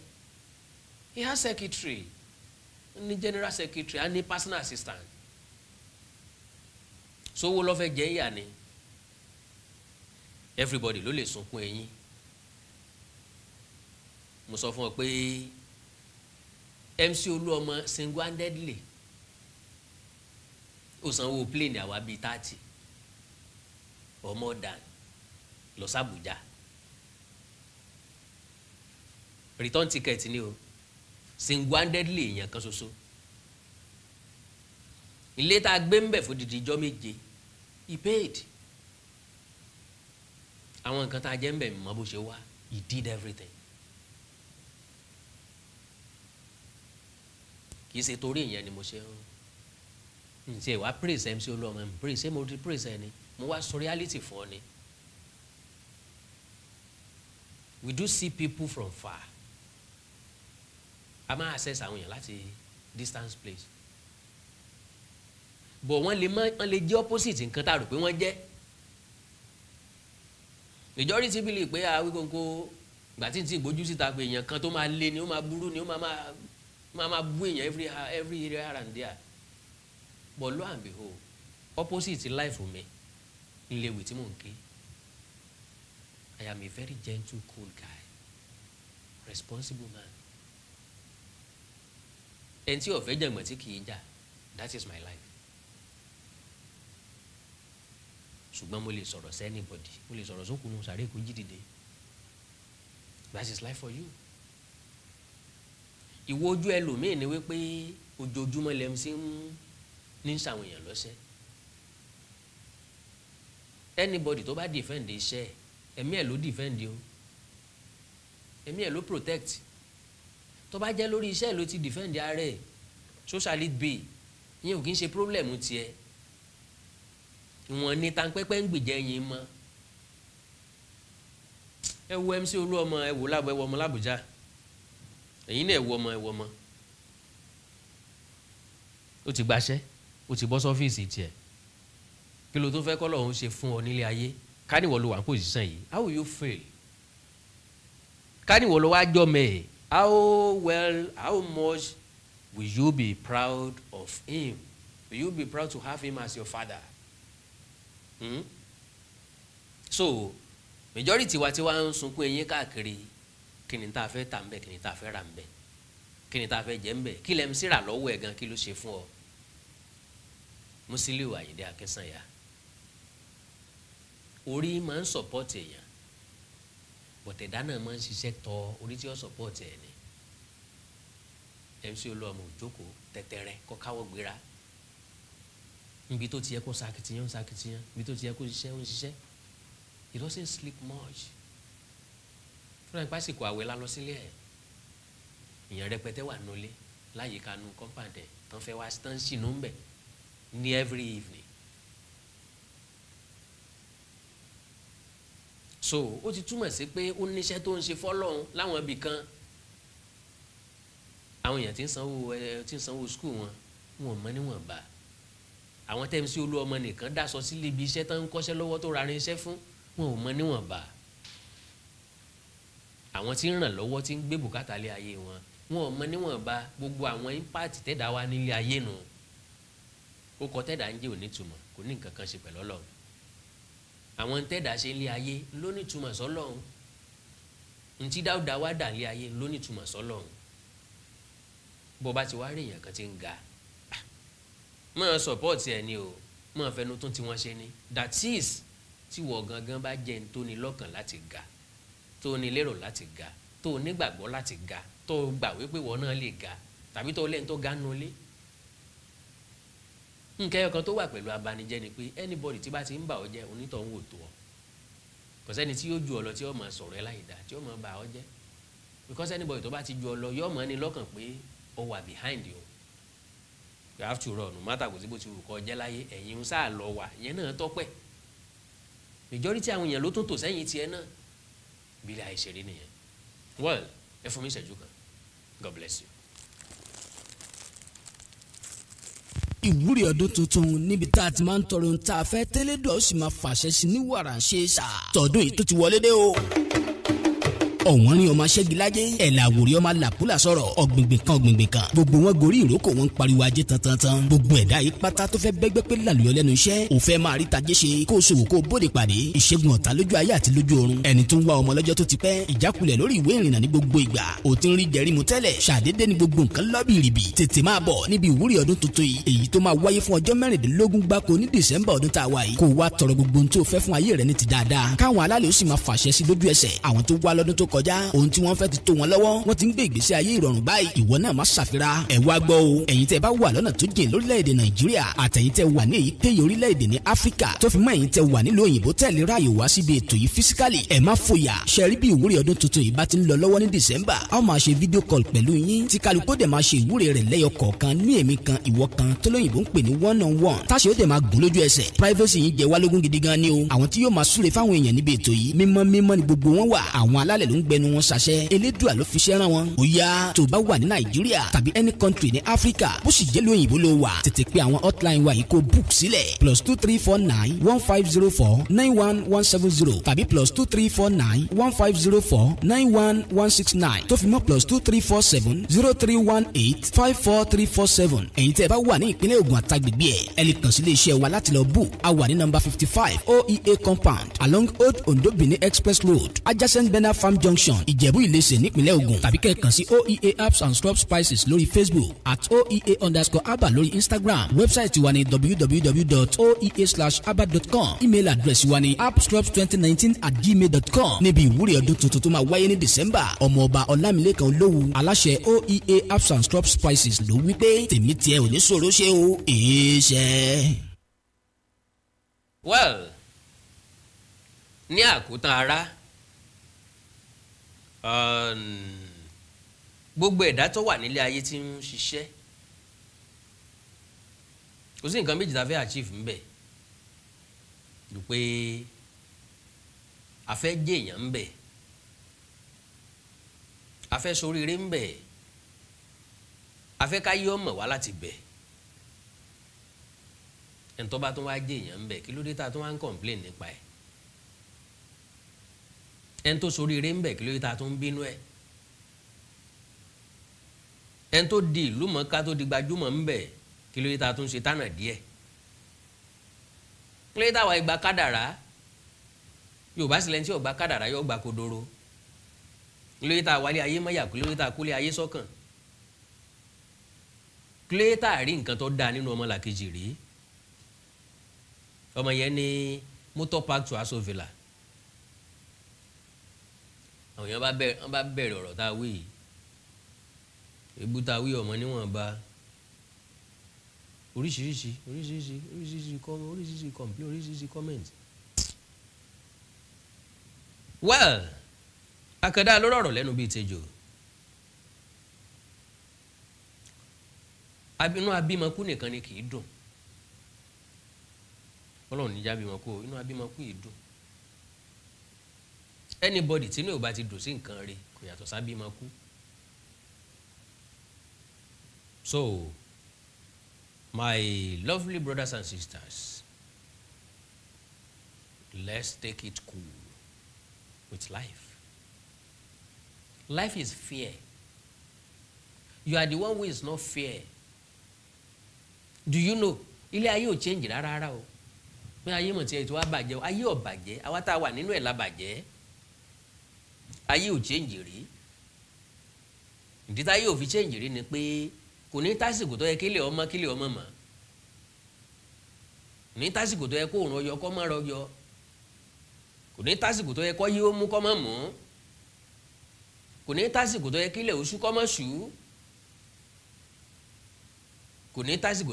he has secretary ní general secretary á personal assistant sówó lọ́fẹ́ jẹ́ ìyà ni everybody ló lè sunkún ẹ̀yìn mo sọ fún ọ pé MC Olúọmọ single handedly ó sanwó plane àwa bíi thirty ọmọ dan lọ sí Àbújá return ticket ni o single handedly èèyàn kan ṣoṣo ilé tá a gbé ń bẹ̀ fódìdí ijọ́ méje he paid àwọn nǹkan tá a jẹ́ ń bẹ̀ mọ́ bó ṣe wá he did everything kì í ṣe torí ìyẹn ni mo ṣe ń ṣe wá praise MC Olúọmọ mi praise mo ti praise ẹni mo wá sọ reality fún ọ ni we do see people from far a máa access àwọn èèyàn láti distance place bọ̀ wọ́n lè mọ́ wọ́n lè jẹ́ opposite nǹkan tá a rò pé wọ́n jẹ́ majority believe pé Awikonko ah, ìgbà tí n ti gbójú síta pé èèyàn kan tó máa le ni ó máa burú ni ó máa máa máa bú èèyàn every every area and there bọ̀ lo and behold opposite life mi ilé ìwé tí mò ń ké I am a very gentle cool guy responsible man ẹni tí ọ̀fẹ́ jẹ̀gbọ́n tí kì í jà that is my life ṣùgbọ́n mo lè sọ̀rọ̀ sí anybody mo lè sọ̀rọ̀ sókùnù sàrẹ́ èkó jí that is life for you ìwọ ojú ẹlòmíì ni wípé ojoojúmọ́ lẹ́mu sí ń ní sàwọn èèyàn lọ́sẹ̀ anybody tó bá defend iṣẹ́ ẹ̀mí ẹ̀ ló defend o ẹ̀mí ẹ̀ ló protect tó bá jẹ́ lórí iṣẹ́ ló ti defend ara ẹ̀ socially bay yín ò kí ń ṣe problem tiẹ̀ ìwọ̀n ni tanpẹ́pẹ́ ń gbèjẹ́ yín mọ́ ẹ wo MC Olúọmọ ẹ wò lábọ ẹ wọ ọmọ làbújá ẹ̀yin náà ẹ wọ ọmọ ẹ wọ ọmọ ó ti gbaṣẹ́ ó ti bọ́ sọ́fíìsì tiẹ̀ kí ló tó fẹ́ kọ́ lọ́hún ṣe fún ọ nílé ayé káníwọ̀ ló wà ń pòsíṣàn yìí how will you feel káníwọ̀ ló wá jọ́ mẹ́ẹ̀ẹ́ how well, how much will you be proud of him? Will you be proud to have him as your father? Hmm? So, majority wa ti wa ń sunkún eyín káàkiri kini ni tá a fẹ́ tà ń bẹ̀ kí ni tá a fẹ́ rà ń bẹ̀ kí ni tá a fẹ́ jẹ́ ń bẹ̀ kí lẹ́mu sí lọ́wọ́ ẹ̀ gan kí ló ṣe fún ọ. Musiliu Ayinde Akínsànyà orí máa ń sọ̀pọ́tì èèyàn bọ̀tẹ̀dá náà máa ń ṣiṣẹ́ tọ orí tí ó support ẹ̀ ni MC olúwàmù òjókòó tẹ̀tẹ̀rẹ̀ kọ́ káwọ́ gbéra níbi tó ti yẹ kó ṣàkìtìyàn ṣàkìtìyàn níbi tó ti yẹ kó ṣiṣẹ́ ó ń ṣiṣẹ́ he doesn't sleep much fúnra nípa àsìkò àwẹ̀ la lọ sílé ẹ̀ èèyàn rẹpẹtẹ wà nulẹ̀ láyìíká nu compound ẹ̀ tán fẹ́ wá tán sì nù ń bẹ̀ ní every evening. so ó ti túmọ̀ sí pé ó níṣẹ́ tó ń ṣe fọ́lọ́run láwọn ibì kan àwọn èèyàn ti ń sanwó ẹ ti ń sanwó skul wọn wọn mọ níwọ̀nba àwọn tẹ́ mi sí olú ọmọ nìkan dáṣọ sílé ibi iṣẹ́ tó ń kọ́ṣẹ́ lọ́wọ́ tó rarin iṣẹ́ fún wọn ò mọ níwọ̀nba àwọn tí ń ràn lọ́wọ́ tí ń gbé bùkátà lé ayé wọn wọn ò mọ níwọ̀nba gbogbo àwọn impact tẹ́dá wa nílé ayé nu ó kọ tẹ́dá ń jẹ́ òní tùmọ̀ kò ní nǹkan kan ṣe pẹ̀lú ọlọ́run àwọn tẹ́ẹ̀dá ṣe ń lé ayé lónìí túmọ̀ sọ́lọ́run ntí dáúdà wá dà lé ayé lónìí túmọ̀ sọ́lọ́run bó bá ti wá rí èèyàn kan tí ń ga ah, máa sọ̀pọ́ọ̀tì ẹ̀ ni o máa fẹnu tún tí wọ́n ṣe ni that is tí wọ́n gangan bá jẹ́ ń tóni lọ́kàn láti ga tó ní lérò láti ga tó nígbàgbọ́ láti ga tó gbà wípé wọ́n náà lè ga tàbí tó lẹ́yìn tó ga nulẹ̀ nǹkan ẹyọ tó wà pẹ̀lú abanijẹ́ ni pé anybody tí bá ti ń bà ọ́ jẹ́ onítọ̀hún wò tó ọ kò sẹ́ni tí yóò ju ọ lọ tí yóò máa sọ̀rọ̀ ẹ láì dá tí yóò máa bà ọ́ jẹ́ because anybody tó bá ti ju ọ lọ yóò máa ní lọ́kàn pé ó wà behind you you have to run no matter kò sí bó ti wù kọ́ jẹ́ láyé ẹ̀yin ń sáà lọ wà yẹn náà tọ́pẹ́ majority àwọn èèyàn ló tún tò sẹ́yìn tiẹ̀ náà bí ilé àìṣeré nìyẹn well ẹ fún mi ìṣẹ́jú kan God bless you. ìwúrí ọdún tuntun níbi tá a ti máa ń tọrọ ohun tá a fẹ́ tẹ́lẹ̀ dọ̀ ó sì máa fàṣẹ sí ní wàrà ṣe é tọdún yìí tó ti wọlé dé o ọ̀wọ́n rin ọmọ aṣẹ́gilájẹ́ ẹ̀là àwòrán ọmọ làkúlà sọ̀rọ̀ ọ̀gbìngbìn kan ọ̀gbìngbìn kan gbogbo wọn gorí ìrókò wọn pariwo ajé tantan gbogbo ẹ̀dá yìí pátá tó fẹ́ bẹ́gbẹ́ pé làlùyọ lẹ́nu iṣẹ́ ò fẹ́ máa rí tajé ṣe kó o ṣòwò kó o bóde pàdé ìṣègùn ọ̀tá lójú ayé àti lójú ọ̀run ẹni tó ń wá ọmọ lọ́jọ́ tó ti pẹ́ ìjákulẹ̀ lórí ìwé ìrìnnà ní gbogbo ìgbà ò ti ń rí jẹrímu tẹ́lẹ̀ ṣàdédé ni gbogbo nǹkan lọ́bìrìbì tètè máa bọ̀ níbi ìwúrí ọdún tuntun yìí èyí tó máa wáyé fún ọjọ́ mẹ́rìndínlógún gbáko ní dẹ̀sẹ̀mbà ọdún tá a wà yìí kó o tọrọ gbogbo ohun tó fẹ́ fún ayé rẹ ní ti dáadáa káwọn alálẹ̀ ó sì máa fàṣẹ sí lójú ẹsẹ̀ àwọn tó wá lọ́dún tó kọjá ohun tí wọ́n fẹ́ ti tó wọn lọ́wọ́ wọ́n ti ń gbé ìgbésí ayé ìrọ̀rùn báyìí ìwọ náà má ṣàfira ẹ̀ wá gbọ́ o ẹ̀yin tẹ́ bá wà lọ́nà tó jìn lórílẹ̀ nàìjíríà àtẹ̀yin tẹ́ wà ní èyíkéyìí orílẹ̀‐èdè ní áfíríkà tó fi mọ́ ẹ̀yin tẹ́ wà nílùú òyìnbó tẹ̀lé ráàyè wá síbi ètò yìí físíkàlì ẹ̀ má fòyà ṣẹ́rí bí ìwúrí ọdún tuntun yìí bá ti ń lọ lọ́wọ́ ní dìsẹ́mbà a máa ṣe fídíò kọ́l ń gbẹnu wọn ṣàṣẹ elédùà ló fi ṣẹ́ rán wọn. ó yá tó bá wà ní nàìjíríà tàbí any country ní áfíríkà bó sì jẹ́ lóyìnbó ló wà tètè pé àwọn hotline wa yìí kó book sílẹ̀ plus two three four nine one five zero four nine one one seven zero tàbí plus two three four nine one five zero four nine one one six nine tó fi mọ́ plus two three four seven zero three one eight five four three four seven ẹ̀yin tẹ́ ẹ bá wà ní ìpínlẹ̀ Ògùn àtàgbègbè ẹ̀ ẹ lè kàn sí iléeṣẹ́ wa láti lọ book a wà ní number fifty five oea compound along old ondo benin express road adjacent bena farm junction junction ìjẹ̀bú ìlẹsẹ̀ nípínlẹ̀ Ògùn tàbí kẹ́ kàn sí oea herbs and crop spices lórí facebook at oea underscore aba lórí instagram wẹ́bsáìtì wa ni www.oea/aba.com email address wa ni appscrops2019 at gmail.com níbi ìwúrí ọdún tuntun tó máa wáyé ní december ọmọọba ọlámilẹ́kan olówó aláṣẹ oea herbs and crop spices ló wí pé tèmi tiẹ̀ ò ní sọ̀rọ̀ ṣe o èé ṣe. well ní àkótán ara gbogbo ẹ̀dá tó wà nílé ayé tí ń ṣiṣẹ́ kò sí nǹkan méjì tá a fẹ́ achieve ńbẹ̀ ju pé a fẹ́ jẹ́ èèyàn ńbẹ̀ a fẹ́ ṣoríire ńbẹ̀ a fẹ́ ká yí ọmọ wá láti bẹ̀ ẹ̀ńtọ́ bá tún wá jẹ́ èèyàn ńbẹ̀ kí ló dé tá a tún wá ń complain nípa ẹ̀ ẹni tó soríire ń bẹ̀ kí lóye tá a tún ń bínú ẹ̀ ẹni tó di ìlú mọ̀ọ́ká tó di gbajúmọ̀ ń bẹ̀ kí lóye tá a tún ṣe tánà díẹ̀ kí lóye táwa ìgbà kádàrá yorùbá sì lẹ́ni tí ọ̀gbà kádàrá yóò gbà kodoro kí lóye tá a wálé ayé mọ́yà kí lóye tá a kólé ayé sọ́kàn kí lóye tá a rí nǹkan tó dáa nínú ọmọlàkejì rí ọmọ yẹn ní motor park to aso villa àwọn èèyàn bá bẹ̀rẹ̀ ọ̀rọ̀ tá a wí yìí ebú tá a wí ọmọ níwọ̀nba oríṣiríṣi oríṣiríṣi oríṣiríṣi kọ́mọ oríṣiríṣi kọ̀m̀pí oríṣiríṣi comment. well akẹ́dá ló rọ̀rọ̀ lẹ́nu bíi tejò inú abímọkú nìkan ni kì í dùn ọlọ́run níjà abímọkú inú abímọkú yìí dùn anybody tí inú ò bá ti dùn sí nǹkan rí kò yàtọ̀ sábì máa kú so my lovely brothers and sisters let's take it cool with life life is fear. you are the one who is not fear. do you know ilé ayé ò change rárá rárá o pé ayé mọ̀ tí ẹ̀ tí wàá bàjẹ́ ayé ò bàjẹ́ àwa tá a wà nínú ẹ̀ la bàjẹ́ ayé ò change rí ìdí táyé ò fi change rí ni pé kò ní tásìkò tó yẹ kílẹ̀ ọmọ kílẹ̀ ọmọ mọ̀ kò ní tásìkò tó yẹ kó òrùn ọyọ kọ́ mọ́ rọyọ kò ní tásìkò tó yẹ kọ́ yí ó mú kọ́ mọ́ mọ́ kò ní tásìkò tó yẹ kílẹ̀ oṣù kọ́ mọ́ ṣù kò ní tásìkò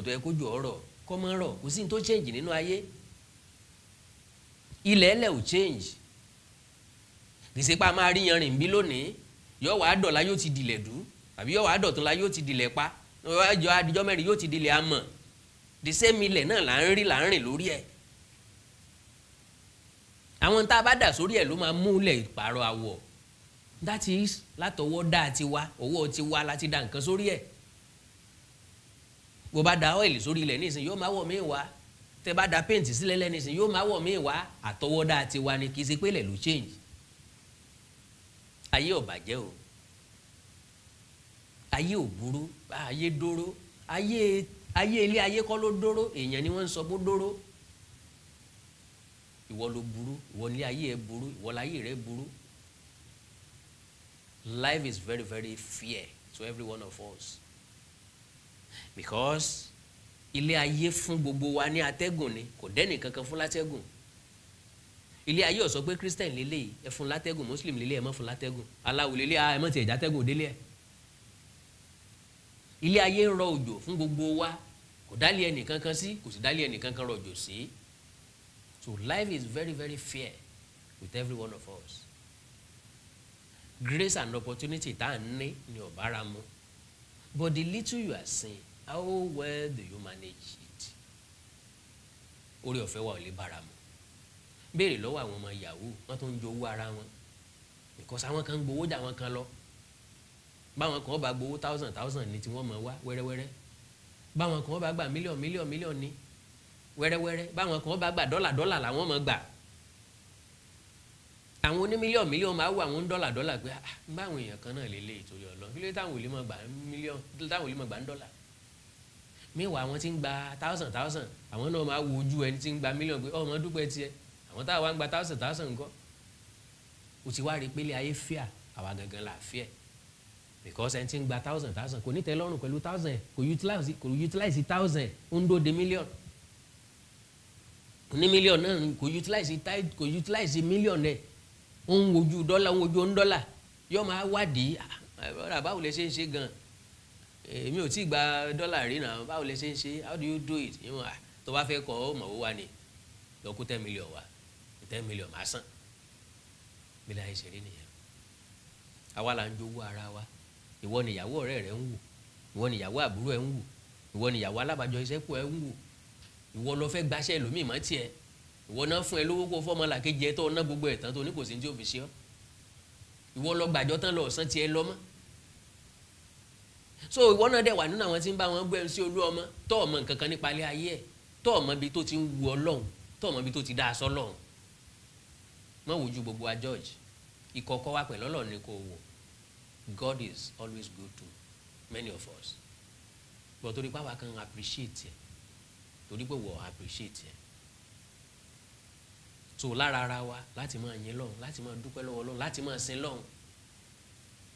kì í ṣe pé a máa rí yanrìn bí lónìí yóò wá dọ̀la yóò ti dilẹ̀ dú àbí yóò wá dọ̀tún la yóò ti dilẹ̀ pa ọjọ́ adijọ́ mẹ́rin yóò ti dilẹ̀ amọ̀ the same ilẹ̀ náà là ń rí là ń rìn lórí ẹ̀ àwọn tá a bá dà sórí ẹ̀ ló máa mú ilẹ̀ ìpààrọ̀ àwọ̀ that is látọwọ́ dá ti wá ọwọ́ ti wá láti dá nǹkan sórí ẹ̀ bó bá da ọ́ìlì sórí ilẹ̀ nísìnyí yóò máa wọ̀ mí wá tẹ bá da paint sílẹ̀ lẹ́nìsìn yóò máa wọ̀ mí wá àtọwọ́dá ti wá ni kì í ṣe pé ló change ayé ò bàjẹ́ o ayé ò burú ayé dóró ayé ayé ilé ayé kọ́ ló dóró èèyàn ni wọ́n ń sọ bó dóró ìwọ ló burú ìwọ ilé ayé ẹ burú ìwọ láyé rẹ burú life is very very fair to every one of us because ilé ayé fún gbogbo wa ní atẹ́gùn ni kò dẹ́nì kankan fún látẹ́gùn ilé ayé ó pé christian lélẹ̀ ẹ fún látẹ́gùn muslim lélẹ̀ ẹ má fún látẹ́gùn aláwo lélẹ̀ ah, ẹ má tiẹ̀ játẹ́gùn délé ẹ̀ ilé ayé ń rọ òjò fún gbogbo wa kò dálé ẹnìkan kan sí kò sì dálé ẹnìkan kan rọ̀jò sí so life is very very fair with every one of us grace and opportunity tá à ń ní ni ò bára mu but the little you are seeing how well do you manage it orí ọ̀fẹ́ wa ò lè bára mu béèrè lọ́wọ́ àwọn ọmọ yahoo wọ́n tó ń jo owó ara wọn because àwọn kan ń gbowó jà wọn kan lọ báwọn kan bá gbowó thousand thousand ni tí wọ́n mọ̀ wá wẹ́rẹ́wẹ́rẹ́ báwọn kan bá gbà million, mílíọ̀n mílíọ̀n ni wẹ́rẹ́wẹ́rẹ́ báwọn kan bá gbà dọ́là dọ́là làwọn mọ̀ gbà àwọn oní million, million, máa wà àwọn dọ́là dọ́là pé ah báwọn èèyàn kan náà lè lé ìtòyè ọ̀lọ́ kí ló táwọn olè mọ̀ gbà mílíọ̀n táwọn olè mọ̀ gbà ń dọ́là míwàá àwọn tí ń gba thousand thousand àwọn náà máa wo ojú ẹni tí ń gba mílíọ̀n pé ọmọ dúpẹ́ tiẹ̀ àwọn táwa wá ń gba thousand thousand nǹkan o ti wá rí pélé ayé fíà àwa gangan là fíà because ẹni tí ń gba thousand thousand kò ní tẹ́ lọ́rùn pẹ̀lú thousand kò utilize kò utilize thousand ń dó de million ní million náà kò utilize tide kò utilize million ẹ̀ ń wojú dọ́là ń wojú ń dọ́là yóò máa wádìí ọ̀rọ̀ ah, báwo lẹ ṣe ń ṣe gan èmi ò tí ì gba dọ́là rí náà báwo lẹ ṣe ń ṣe how do you do it tó bá fẹ́ kọ́ ọ́ mọ̀ ó wà ní lọ́kú ten wa ten million máa san bílẹ̀ ayé ṣeré nìyẹn àwa là ń jowó ara wa ìwọ nìyàwó ọ̀rẹ́ rẹ ń wò ìwọ nìyàwó àbúrò ẹ ń wò ìwọ nìyàwó alábàjọ iṣẹ́pọ̀ ẹ ń wò ìwọ lọ fẹ́ gbaṣẹ́ lómi ìmọ̀ tiẹ̀ ìwọ náà fún ẹ lówó kó fọ́mọ làkejì ẹ tó ná gbogbo ẹ̀ tán tó ní kò sí ní tí ó fi ṣe ọ́ ìwọ lọ gbàjọ tán lọ ọ̀sán tiẹ̀ lọ́mọ́ so ìwọ náà dẹ̀ wà nínú àwọn tí ń bá wọn gbé MC Olúọmọ tó ọmọ nǹkan kan nípa ilé ayé ẹ̀ tó ọmọ ibi tó ti ń wu Ọlọ́run ọmọ ibi tó ti dá aṣọ Ọlọ́run má wojú gbogbo wa judge ìkọ̀kọ̀ wa pẹ̀lú Ọlọ́run ni kò wò God is always good to many of us but torí pé kan appreciate ẹ̀ torí pé wọ́n appreciate ẹ̀ so lára ara wa láti máa yin lọ́hùn láti máa dúpẹ́ lọ́wọ́ lọ́hùn láti máa sin lọ́hùn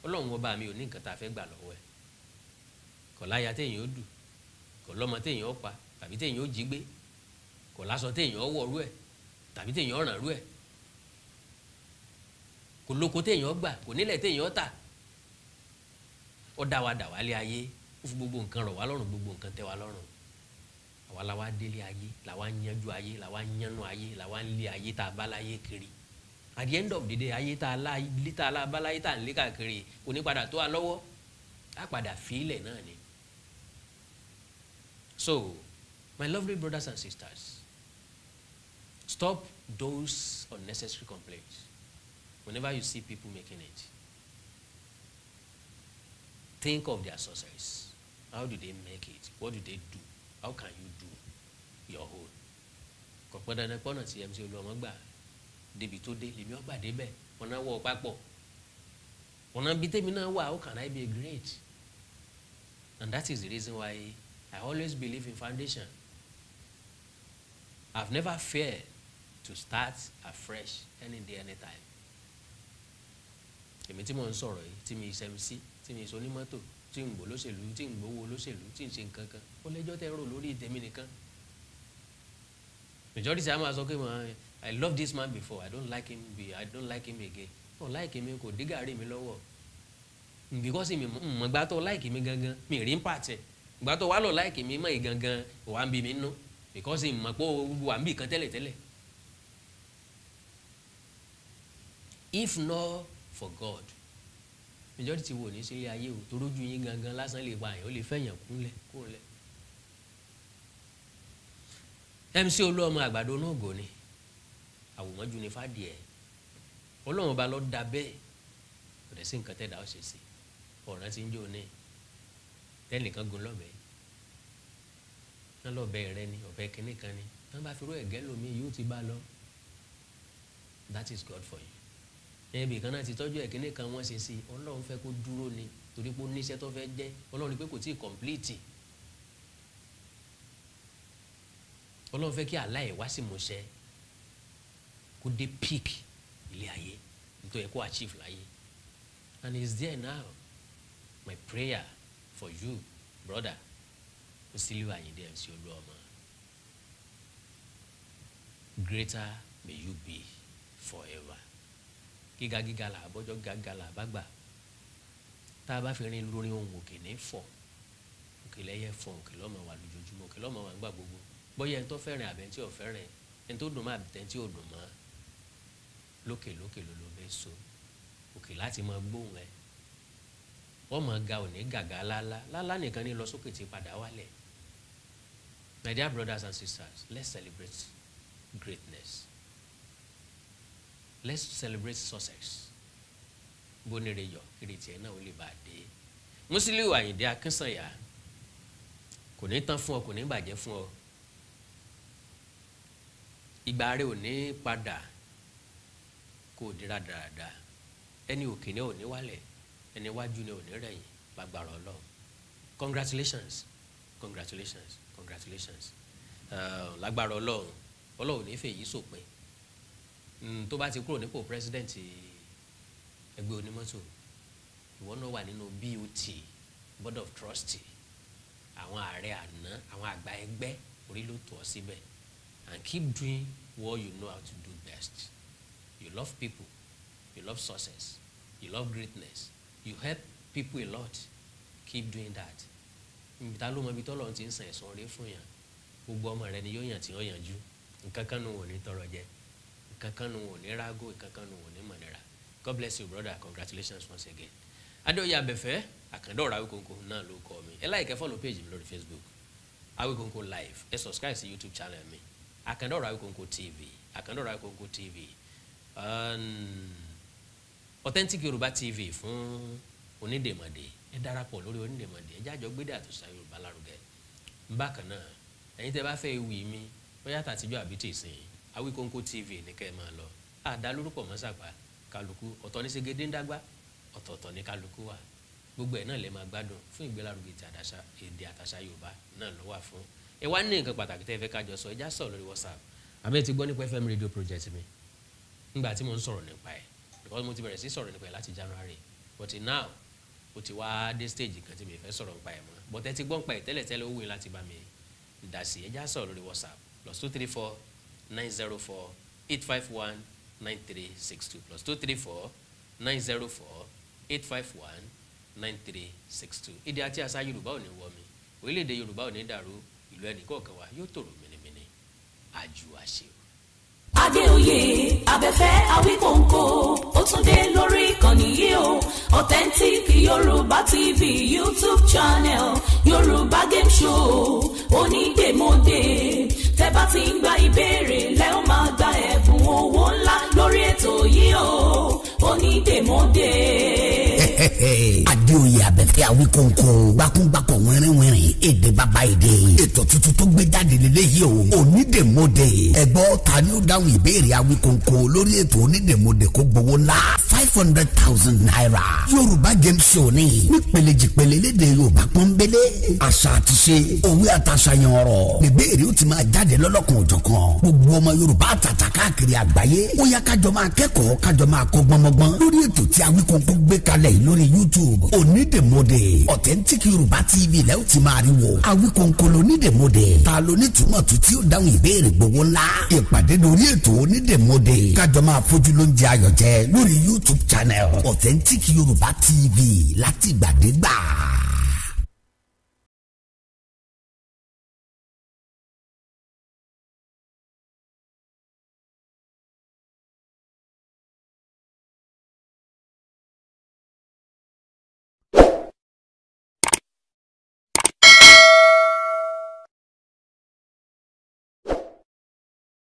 ọlọ́run ọba mi ò ní nǹkan tá a fẹ́ gbà lọ́wọ́ ẹ̀ kò láya téèyàn ó dù kò lọ́mọ téèyàn ó pa tàbí téèyàn ó jí gbé kò láṣọ téèyàn ó wọ̀rú ẹ̀ tàbí téèyàn ó rànrú ẹ̀ kò lóko téèyàn gbà kò nílẹ̀ téèyàn tà ó dá wa dà wá lé ayé ó fi gbogbo nǹkan rọ̀ wá lọ́rùn gbogbo nǹkan tẹ́ wá lọ́rùn àwa la wá délé ayé la wá yanjú ayé la wá yánú ayé la wá lé ayé tá a bá láyé kiri at the end of the day ayé tá a lá tá a bá láyé tá a lé káàkiri kò ní padà tó a lọ́wọ́ á padà fílẹ̀ náà ni so my lovely brothers and sisters stop those unnecessary complaints whenever you see people making it, think of their sorceries. How do they make it? What do they do? How can you do your own? Kò pọn dandan pọ́nà tí MC Olúọmọ gbà débi tó dé lèmi ọgbà débẹ̀ wọn náà wọ papọ̀ wọn náà bí tèmi náà wà how can I be great? And that is the reason why I always believe in foundation. I've never feared to start afresh any day, anytime èmi tí mò ń sọ̀rọ̀ yìí tí mi ṣMC tí mi ṣe onímọ́tò tí ń gbò lóṣèlú tí ń gbowó lóṣèlú tí ń ṣe nǹkan kan ó lẹ́jọ́ tẹ́ ń rò lórí tèmi nìkan majority a máa sọ pé I love this man before I don't like him be I don't like him again no like mi kò dé gàrí mi lọ́wọ́ because mi mọ̀ gbà tó like mi gangan mi rí ń pàtẹ́ gbà tó wà lọ like mi mọ̀ gangan wà ń bi mi nú because mi mọ̀ pé wà ń bì kan tẹ́lẹ̀tẹ́lẹ̀ if not for God majority wo ní sílé ayé o tó rójú yín gangan lásán lè pa àyàn ó lè fẹ̀yàn kúnlẹ̀ kúnlẹ̀ MC Olúọmọ àgbàdo náà gò ni àwòmọ́jú ni fàdíẹ̀ e. ọlọ́run ba lọ da bẹ́ẹ̀ kò dẹ̀ sí nǹkan tẹ̀dá ọ̀ṣẹ̀ sí ọ̀ràn tí ń jó ní tẹ́nìkan gun lọ́bẹ̀ náà lọ́bẹ̀ rẹ ni ọ̀bẹ kínní kan ni náà bá fi rú ẹ̀gẹ́ lomi yóò ti bá lọ that is God for you ẹbí kan náà ti tọ́jú ẹ̀ kíní kan wọ́n ṣe sí i ọlọ́run fẹ́ kó dúró ni torí pé ó níṣẹ́ tó fẹ́ jẹ́ ọlọ́run ni pé kò tíì kọ̀m̀plìtì ọlọ́run fẹ́ kí aláì wá sí mọ̀ṣẹ́ kó dé peak ilé ayé nítorí kó achieve láyé and he is there now my prayer for you brother ó sì lè wà yín dé MC Olúọmọ greater may you be forever gíga gíga là àbọ́jọ́ gàgà là àbágbà tá a bá fi rin lórí ohun òkè ní fọ òkè lẹ́yẹ fọ òkè lọ́mọ wà lójoojúmọ́ òkè lọ́mọ wà ń gbà gbogbo bóyá ẹni tó fẹ́ràn àbẹ̀ tí ò fẹ́ràn ẹni tó dùn mọ́ àbẹ̀ tí ò dùn mọ́ lókè lókè ló ló bẹ́ so òkè láti máa gbóhùn ẹ wọ́n máa ga òní gàgà lálá lálá nìkan ní lọ sókè tí padà wálẹ̀ my dear brothers and sisters let's celebrate greatness let's celebrate success bónire yọ kiri tiẹ̀ náà ó lè bá a dé Musiliu Àyìndé Akínsànyà kò ní tán fún ọ kò ní bàjẹ́ fún ọ ìgbà rẹ ò ní padà kò dira dáadáa ẹni òkè ni ò ní wálẹ̀ ẹni wájú ni ò ní rẹ̀yìn lágbára Ọlọ́run congratulations congratulations congratulations lágbára Ọlọ́run Ọlọ́run ò ní fèyí sòpin Mm, tó bá ti kúrò nípò president ẹgbẹ́ onímọ́tò ìwọ náà wà nínú BOT board of trustee àwọn ààrẹ àná àwọn àgbà ẹgbẹ́ orí ló tọ́ síbẹ̀ and keep doing what you know how to do best you love people you love success you love greatness you help people a lot keep doing that ìta ló mọ ibi tọ́lọ́ ti ń sàn ẹ̀sán orí fún yàn gbogbo ọmọ rẹ ni yóò yàn tí yóò yànjú nǹkan kan nù wọ́n ní tọrọ jẹ ìkankan nù wò ní rágó ìkankan nù wò ní mọ̀nira god bless you brother congratulations once again adéoyè abẹ́fẹ́ àkàndọ̀rọ̀ awíkòǹkò náà ló kọ́ mi ẹ láìkẹ́ follow page mi lórí facebook awíkòǹkò live ẹ subscribe sí youtube channel mi àkàndọ̀rọ̀ awíkòǹkò tv àkàndọ̀rọ̀ awíkòǹkò tv authentic yorùbá tv fún onídèmọ̀dè ẹ darapọ̀ lórí onídèmọ̀dè ẹ jájọ gbédè àtúnṣe yorùbá lárugẹ bákan náà ẹ̀yin tẹ́ bá fẹ́ ewì mi bóyá tàtijọ́ àbí tèsìn Awi Awikonko TV ní kẹ́ ẹ máa lọ àdá lórúkọ mọ́sàgbà kálukú ọ̀tọ̀ ní segede ń dágbà ọ̀tọ̀ọ̀tọ̀ ní kálukú wa gbogbo ẹ̀ náà lè máa gbádùn fún ìgbélárugẹ ti àdáṣà èdè àtàṣà Yorùbá náà ló wà fún ẹ wá ní nǹkan pàtàkì tẹ́ ẹ fẹ́ kájọ sọ ẹ sọ lórí WhatsApp àmì ẹ ti gbọ́ nípa FM radio project mi nígbà tí mo ń sọ̀rọ̀ nípa ẹ̀ because mo ti bẹ̀rẹ̀ sí sọ̀rọ̀ nípa ẹ̀ láti January but now o ti wá dé stage kan tí mi fẹ́ sọ̀rọ̀ nípa ẹ̀ mọ́ but ẹ ti gbọ́ nípa ẹ̀ tẹ́lẹ̀tẹ́lẹ̀ ó wù láti bá mi dá sí ẹ já lórí WhatsApp plus two three four 904 851 9362 plus 234 904 851 9362. Èdè àti àṣà Yorùbá ò ní wọ mi. Orílẹ̀-èdè Yorùbá ò ní dàrú. Ìlú ẹnì kọ̀ọ̀kan wa yóò tòrò mìnìmìnì. Àjù àṣẹ adéoyè abẹ́fẹ́ awíkòǹkò ó tún dé lórí ìkànnì yìí o authentic yorùbá tv youtube channel yorùbá game show onígbèmọdé tẹ́ bá ti ń gba ìbéèrè lẹ ó máa gba ẹ̀bùn owó ńlá lórí ètò yìí o onígbèmọdé. adéoyè abẹ àti àwí kòǹkòǹ gbákúngbàkọ̀ wẹ́rìnwẹ́rìn èdè bàbá èdè ètò tuntun tó gbé jáde lélẹ́yìí o onídèmọdè ẹ̀gbọ́n ta ni ó dáhùn ìbéèrè àwí kòǹkòǹ lórí ètò onídèmọdè kó gbowó ńlá five hundred thousand naira. yorùbá game show ni nípele jìpele léde yorùbá pọ́nbélé àṣà àti ṣe òwe àtàṣàyàn ọ̀rọ̀ bèbèrè ó ti máa jáde lọ́lọ́kan òjọ̀kan gbogbo ọmọ yorùbá àtàtà káàkiri àgbáyé ó yá kájọ máa kẹ́kọ̀ọ́ kájọ máa kọ́ gbọ́mọgbọ́n lórí ètò tí Awíkonko gbé kalẹ̀ yìí lórí youtube onídèmọdè authentic yorùbá tv lẹ́ ó ti máa rí wo Awíkonko lónídèmọdè ta ló ní tùmọ̀tù tí ó dáhùn ìbéèrè gbowó ńlá ìpàdé lórí ètò onídèmọdè kájọ máa fojú lóúnjẹ ayọ̀ jẹ lórí youtube youtube channel authentic yorùbá tv látìgbàdégbà.